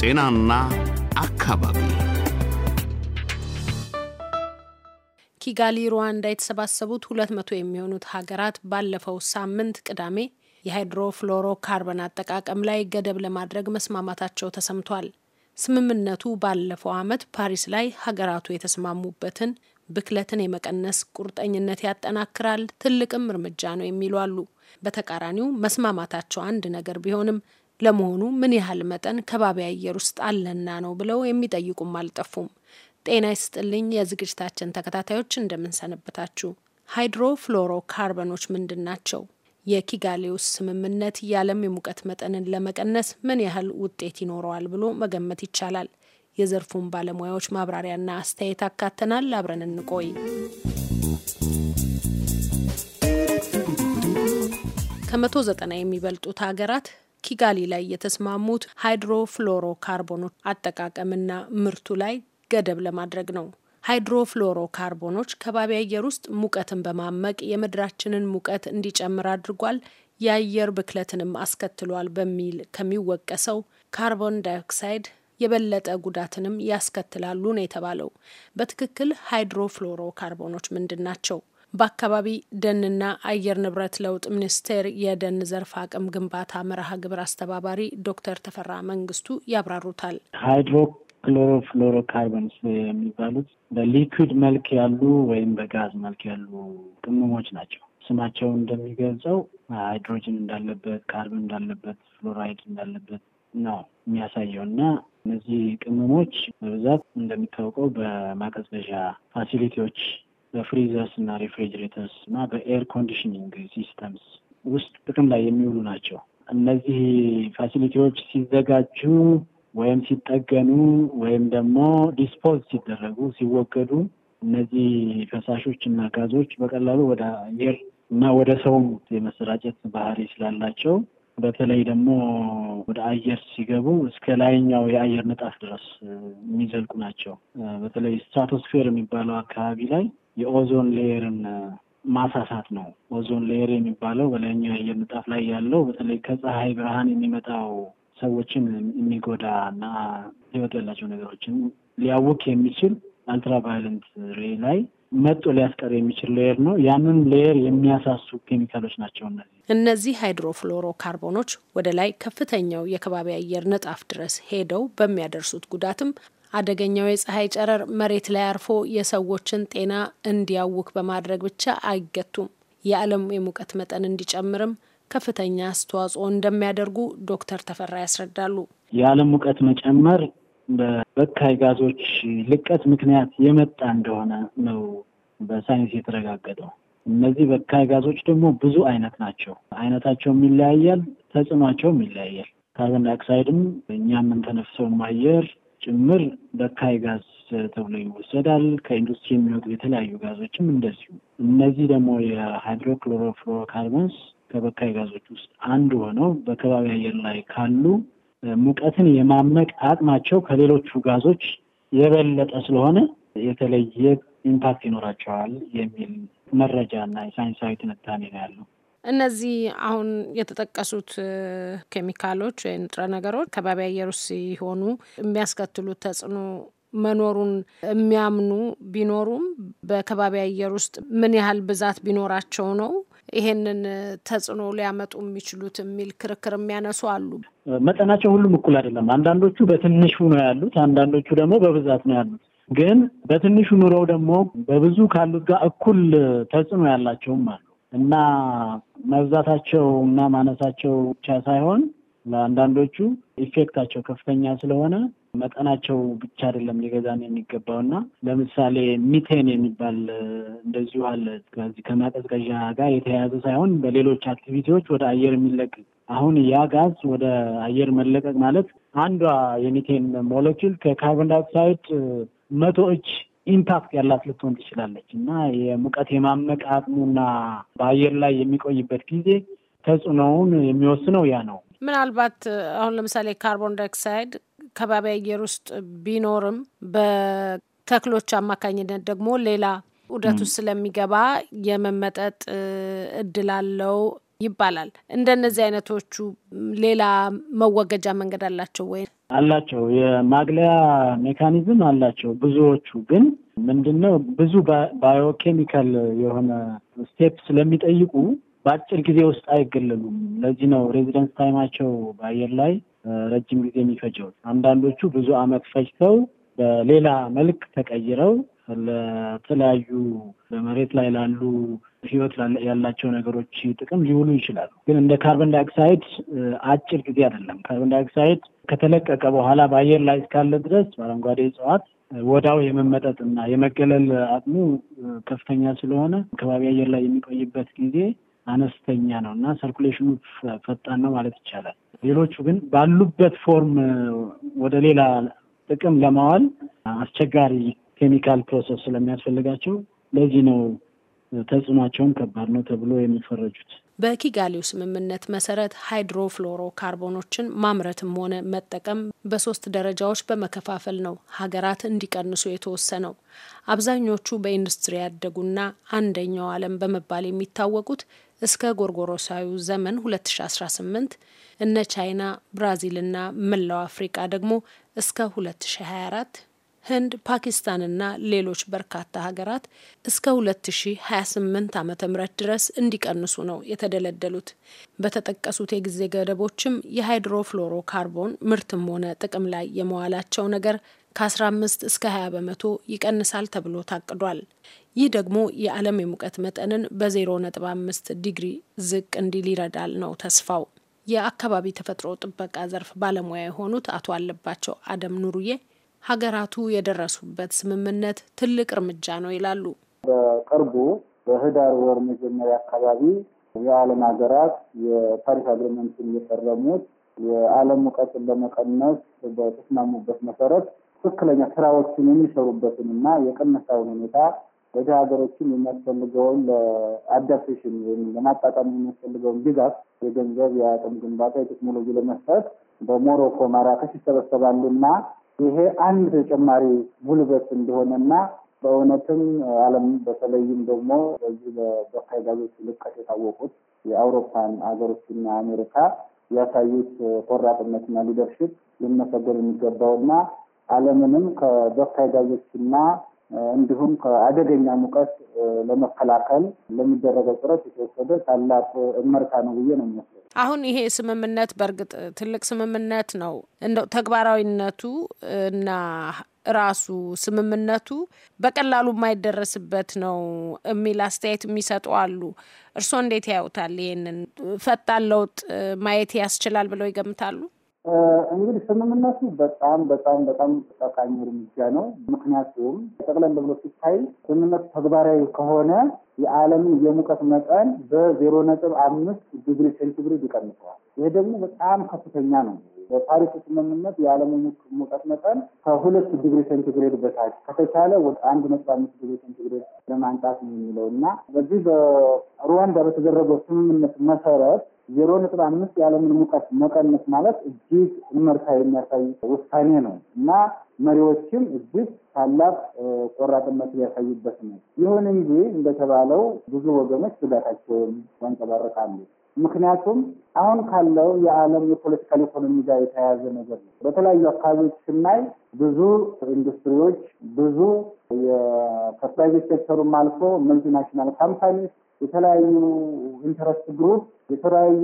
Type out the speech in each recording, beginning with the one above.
ጤናና አካባቢ ኪጋሊ ሩዋንዳ የተሰባሰቡት ሁለት መቶ የሚሆኑት ሀገራት ባለፈው ሳምንት ቅዳሜ የሃይድሮፍሎሮ ካርበን አጠቃቀም ላይ ገደብ ለማድረግ መስማማታቸው ተሰምቷል። ስምምነቱ ባለፈው ዓመት ፓሪስ ላይ ሀገራቱ የተስማሙበትን ብክለትን የመቀነስ ቁርጠኝነት ያጠናክራል፣ ትልቅም እርምጃ ነው የሚሉ አሉ። በተቃራኒው መስማማታቸው አንድ ነገር ቢሆንም ለመሆኑ ምን ያህል መጠን ከባቢ አየር ውስጥ አለና ነው ብለው የሚጠይቁም አልጠፉም። ጤና ይስጥልኝ የዝግጅታችን ተከታታዮች እንደምንሰነበታችሁ። ሃይድሮ ፍሎሮ ካርበኖች ምንድን ናቸው? የኪጋሌውስ ስምምነት የዓለም የሙቀት መጠንን ለመቀነስ ምን ያህል ውጤት ይኖረዋል ብሎ መገመት ይቻላል? የዘርፉን ባለሙያዎች ማብራሪያና አስተያየት አካተናል። አብረን እንቆይ። ከመቶ ዘጠና የሚበልጡት ሀገራት ኪጋሊ ላይ የተስማሙት ሃይድሮፍሎሮ ካርቦኖች አጠቃቀምና ምርቱ ላይ ገደብ ለማድረግ ነው። ሃይድሮፍሎሮ ካርቦኖች ከባቢ አየር ውስጥ ሙቀትን በማመቅ የምድራችንን ሙቀት እንዲጨምር አድርጓል፣ የአየር ብክለትንም አስከትሏል በሚል ከሚወቀሰው ካርቦን ዳይኦክሳይድ የበለጠ ጉዳትንም ያስከትላሉ ነው የተባለው። በትክክል ሃይድሮፍሎሮ ካርቦኖች ምንድን ናቸው? በአካባቢ ደንና አየር ንብረት ለውጥ ሚኒስቴር የደን ዘርፍ አቅም ግንባታ መርሃ ግብር አስተባባሪ ዶክተር ተፈራ መንግስቱ ያብራሩታል። ሃይድሮ ክሎሮ ፍሎሮ ካርበንስ የሚባሉት በሊኩድ መልክ ያሉ ወይም በጋዝ መልክ ያሉ ቅመሞች ናቸው። ስማቸው እንደሚገልጸው ሃይድሮጅን እንዳለበት፣ ካርበን እንዳለበት፣ ፍሎራይድ እንዳለበት ነው የሚያሳየው እና እነዚህ ቅመሞች በብዛት እንደሚታወቀው በማቀዝቀዣ ፋሲሊቲዎች በፍሪዘርስ እና ሪፍሪጅሬተርስ እና በኤር ኮንዲሽኒንግ ሲስተምስ ውስጥ ጥቅም ላይ የሚውሉ ናቸው። እነዚህ ፋሲሊቲዎች ሲዘጋጁ ወይም ሲጠገኑ ወይም ደግሞ ዲስፖዝ ሲደረጉ ሲወገዱ እነዚህ ፈሳሾች እና ጋዞች በቀላሉ ወደ አየር እና ወደ ሰውም የመሰራጨት ባህሪ ስላላቸው በተለይ ደግሞ ወደ አየር ሲገቡ እስከ ላይኛው የአየር ንጣፍ ድረስ የሚዘልቁ ናቸው። በተለይ ስትራቶስፌር የሚባለው አካባቢ ላይ የኦዞን ሌየርን ማሳሳት ነው። ኦዞን ሌየር የሚባለው በላይኛው የአየር ንጣፍ ላይ ያለው በተለይ ከፀሐይ ብርሃን የሚመጣው ሰዎችን የሚጎዳ እና ሕይወት ያላቸው ነገሮችን ሊያውክ የሚችል አልትራቫይለንት ሬ ላይ መጦ ሊያስቀር የሚችል ሌየር ነው። ያንን ሌየር የሚያሳሱ ኬሚካሎች ናቸው እነዚህ። እነዚህ ሃይድሮፍሎሮ ካርቦኖች ወደ ላይ ከፍተኛው የከባቢ አየር ንጣፍ ድረስ ሄደው በሚያደርሱት ጉዳትም አደገኛው የፀሐይ ጨረር መሬት ላይ አርፎ የሰዎችን ጤና እንዲያውክ በማድረግ ብቻ አይገቱም። የዓለም የሙቀት መጠን እንዲጨምርም ከፍተኛ አስተዋጽኦ እንደሚያደርጉ ዶክተር ተፈራ ያስረዳሉ። የዓለም ሙቀት መጨመር በበካይ ጋዞች ልቀት ምክንያት የመጣ እንደሆነ ነው በሳይንስ የተረጋገጠው። እነዚህ በካይ ጋዞች ደግሞ ብዙ አይነት ናቸው። አይነታቸውም ይለያያል፣ ተጽዕኗቸውም ይለያያል። ካርቦን ዳይኦክሳይድም እኛ የምንተነፍሰውም አየር ጭምር በካይ ጋዝ ተብሎ ይወሰዳል። ከኢንዱስትሪ የሚወጡ የተለያዩ ጋዞችም እንደዚሁ። እነዚህ ደግሞ የሃይድሮክሎሮፍሎሮካርቦንስ ከበካይ ጋዞች ውስጥ አንዱ ሆነው በከባቢ አየር ላይ ካሉ ሙቀትን የማመቅ አቅማቸው ከሌሎቹ ጋዞች የበለጠ ስለሆነ የተለየ ኢምፓክት ይኖራቸዋል የሚል መረጃ እና የሳይንሳዊ ትንታኔ ነው ያለው። እነዚህ አሁን የተጠቀሱት ኬሚካሎች ወይ ንጥረ ነገሮች ከባቢ አየሩ ሲሆኑ የሚያስከትሉት ተጽዕኖ መኖሩን የሚያምኑ ቢኖሩም በከባቢ አየር ውስጥ ምን ያህል ብዛት ቢኖራቸው ነው ይሄንን ተጽዕኖ ሊያመጡ የሚችሉት የሚል ክርክር የሚያነሱ አሉ። መጠናቸው ሁሉም እኩል አይደለም። አንዳንዶቹ በትንሹ ነው ያሉት፣ አንዳንዶቹ ደግሞ በብዛት ነው ያሉት። ግን በትንሹ ኑረው ደግሞ በብዙ ካሉት ጋር እኩል ተጽዕኖ ያላቸውም አሉ እና መብዛታቸው እና ማነሳቸው ብቻ ሳይሆን ለአንዳንዶቹ ኢፌክታቸው ከፍተኛ ስለሆነ መጠናቸው ብቻ አይደለም ሊገዛን የሚገባው እና ለምሳሌ ሚቴን የሚባል እንደዚሁ አለ። ከዚህ ከማቀዝቀዣ ጋር የተያያዘ ሳይሆን በሌሎች አክቲቪቲዎች ወደ አየር የሚለቅ አሁን ያ ጋዝ ወደ አየር መለቀቅ ማለት አንዷ የሚቴን ሞለኪል ከካርቦን ዳይኦክሳይድ መቶ ኢምፓክት ያላት ልትሆን ትችላለች እና የሙቀት የማመቅ አቅሙና በአየር ላይ የሚቆይበት ጊዜ ተጽዕኖውን የሚወስነው ያ ነው። ምናልባት አሁን ለምሳሌ ካርቦን ዳይኦክሳይድ ከባቢ አየር ውስጥ ቢኖርም በተክሎች አማካኝነት ደግሞ ሌላ ዑደት ውስጥ ስለሚገባ የመመጠጥ እድል አለው። ይባላል። እንደነዚህ አይነቶቹ ሌላ መወገጃ መንገድ አላቸው ወይ? አላቸው። የማግለያ ሜካኒዝም አላቸው ብዙዎቹ። ግን ምንድነው ብዙ ባዮኬሚካል የሆነ ስቴፕ ስለሚጠይቁ በአጭር ጊዜ ውስጥ አይገለሉም። ለዚህ ነው ሬዚደንስ ታይማቸው በአየር ላይ ረጅም ጊዜ የሚፈጀው። አንዳንዶቹ ብዙ አመት ፈጅተው በሌላ መልክ ተቀይረው ለተለያዩ በመሬት ላይ ላሉ ህይወት ያላቸው ነገሮች ጥቅም ሊውሉ ይችላሉ። ግን እንደ ካርቦን ዳይኦክሳይድ አጭር ጊዜ አይደለም። ካርቦን ዳይኦክሳይድ ከተለቀቀ በኋላ በአየር ላይ እስካለ ድረስ በአረንጓዴ እጽዋት ወዳው የመመጠጥ እና የመገለል አቅሙ ከፍተኛ ስለሆነ ከባቢ አየር ላይ የሚቆይበት ጊዜ አነስተኛ ነው እና ሰርኩሌሽኑ ፈጣን ነው ማለት ይቻላል። ሌሎቹ ግን ባሉበት ፎርም ወደ ሌላ ጥቅም ለማዋል አስቸጋሪ ኬሚካል ፕሮሰስ ስለሚያስፈልጋቸው ለዚህ ነው ተጽዕኗቸውም ከባድ ነው ተብሎ የሚፈረጁት። በኪጋሌው ስምምነት መሰረት ሃይድሮፍሎሮ ካርቦኖችን ማምረትም ሆነ መጠቀም በሶስት ደረጃዎች በመከፋፈል ነው ሀገራት እንዲቀንሱ የተወሰነው። አብዛኞቹ በኢንዱስትሪ ያደጉና አንደኛው ዓለም በመባል የሚታወቁት እስከ ጎርጎሮሳዊ ዘመን 2018 እነ ቻይና፣ ብራዚልና መላው አፍሪቃ ደግሞ እስከ 2024 ህንድ፣ ፓኪስታንና ሌሎች በርካታ ሀገራት እስከ 2028 ዓ ም ድረስ እንዲቀንሱ ነው የተደለደሉት። በተጠቀሱት የጊዜ ገደቦችም የሃይድሮፍሎሮ ካርቦን ምርትም ሆነ ጥቅም ላይ የመዋላቸው ነገር ከ15 እስከ 20 በመቶ ይቀንሳል ተብሎ ታቅዷል። ይህ ደግሞ የዓለም የሙቀት መጠንን በ0.5 ዲግሪ ዝቅ እንዲል ይረዳል ነው ተስፋው። የአካባቢ ተፈጥሮ ጥበቃ ዘርፍ ባለሙያ የሆኑት አቶ አለባቸው አደም ኑሩዬ ሀገራቱ የደረሱበት ስምምነት ትልቅ እርምጃ ነው ይላሉ። በቅርቡ በህዳር ወር መጀመሪያ አካባቢ የዓለም ሀገራት የፓሪስ አግሪመንትን የፈረሙት የዓለም ሙቀትን ለመቀነስ በተስማሙበት መሰረት ትክክለኛ ስራዎችን የሚሰሩበትን እና የቅነሳውን ሁኔታ ወደ ሀገሮችን የሚያስፈልገውን ለአዳፕቴሽን ወይም ለማጣጣም የሚያስፈልገውን ድጋፍ የገንዘብ፣ የአቅም ግንባታ፣ የቴክኖሎጂ ለመስጠት በሞሮኮ ማራከሽ ይሰበሰባሉ እና ይሄ አንድ ተጨማሪ ጉልበት እንደሆነና በእውነትም ዓለም በተለይም ደግሞ በዚህ በበካይ ጋዞች ልቀት የታወቁት የአውሮፓን ሀገሮችና አሜሪካ ያሳዩት ቆራጥነትና ሊደርሽፕ ሊመሰገን የሚገባውና ዓለምንም ከበካይ ጋዞችና እንዲሁም ከአደገኛ ሙቀት ለመከላከል ለሚደረገው ጥረት የተወሰደ ታላቅ እመርታ ነው ብዬ ነው የሚመስለው። አሁን ይሄ ስምምነት በእርግጥ ትልቅ ስምምነት ነው። እንደው ተግባራዊነቱ እና ራሱ ስምምነቱ በቀላሉ የማይደረስበት ነው የሚል አስተያየት የሚሰጡ አሉ። እርስዎ እንዴት ያዩታል? ይህንን ፈጣን ለውጥ ማየት ያስችላል ብለው ይገምታሉ? እንግዲህ ስምምነቱ በጣም በጣም በጣም ጠቃሚ እርምጃ ነው። ምክንያቱም ጠቅለን ብሎ ሲታይ ስምምነቱ ተግባራዊ ከሆነ የዓለምን የሙቀት መጠን በዜሮ ነጥብ አምስት ዲግሪ ሴንቲግሬድ ይቀንሰዋል። ይሄ ደግሞ በጣም ከፍተኛ ነው። በፓሪስ ስምምነት የዓለም ሙቀት መጠን ከሁለት ዲግሪ ሴንቲግሬድ በታች ከተቻለ ወደ አንድ ነጥብ አምስት ዲግሪ ሴንቲግሬድ ለማንጣት ነው የሚለው እና በዚህ በሩዋንዳ በተደረገው ስምምነት መሰረት ዜሮ ነጥብ አምስት የዓለምን ሙቀት መቀነስ ማለት እጅግ እመርታ የሚያሳይ ውሳኔ ነው እና መሪዎችም እጅግ ታላቅ ቆራጥነት ሊያሳዩበት ነው። ይሁን እንጂ እንደተባለው ብዙ ወገኖች ስጋታቸውን ያንጸባርቃሉ። ምክንያቱም አሁን ካለው የዓለም የፖለቲካል ኢኮኖሚ ጋር የተያያዘ ነገር ነው። በተለያዩ አካባቢዎች ስናይ ብዙ ኢንዱስትሪዎች ብዙ ከፕራይቬት ሴክተሩም አልፎ መልቲናሽናል ካምፓኒ፣ የተለያዩ ኢንተረስት ግሩፕ የተለያዩ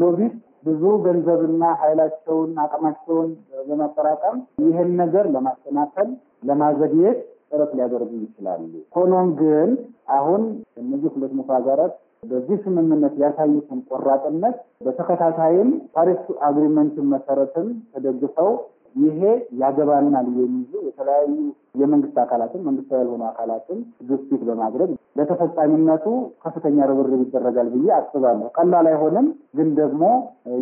ሎቢስት ብዙ ገንዘብና ኃይላቸውን አቅማቸውን በመጠራቀም ይህን ነገር ለማሰናከል ለማዘግየት ጥረት ሊያደርጉ ይችላሉ። ሆኖም ግን አሁን እነዚህ ሁለት መቶ ሀገራት በዚህ ስምምነት ያሳዩትን ቆራጥነት በተከታታይም ፓሪስ አግሪመንትን መሰረትም ተደግፈው ይሄ ያገባናል የሚሉ የተለያዩ የመንግስት አካላትን መንግስታዊ ያልሆኑ አካላትን ግፊት በማድረግ ለተፈጻሚነቱ ከፍተኛ ርብርብ ይደረጋል ብዬ አስባለሁ። ቀላል አይሆንም፣ ግን ደግሞ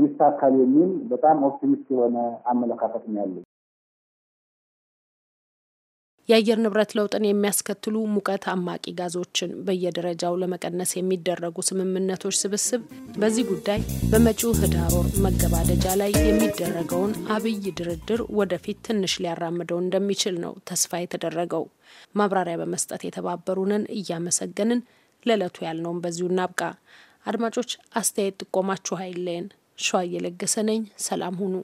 ይሳካል የሚል በጣም ኦፕቲሚስት የሆነ አመለካከት ነው ያለኝ። የአየር ንብረት ለውጥን የሚያስከትሉ ሙቀት አማቂ ጋዞችን በየደረጃው ለመቀነስ የሚደረጉ ስምምነቶች ስብስብ በዚህ ጉዳይ በመጪው ህዳር ወር መገባደጃ ላይ የሚደረገውን አብይ ድርድር ወደፊት ትንሽ ሊያራምደው እንደሚችል ነው ተስፋ የተደረገው። ማብራሪያ በመስጠት የተባበሩንን እያመሰገንን ለዕለቱ ያልነውን በዚሁ እናብቃ። አድማጮች አስተያየት ጥቆማችሁ አይለየን። ሸዋ እየለገሰ ነኝ። ሰላም ሁኑ።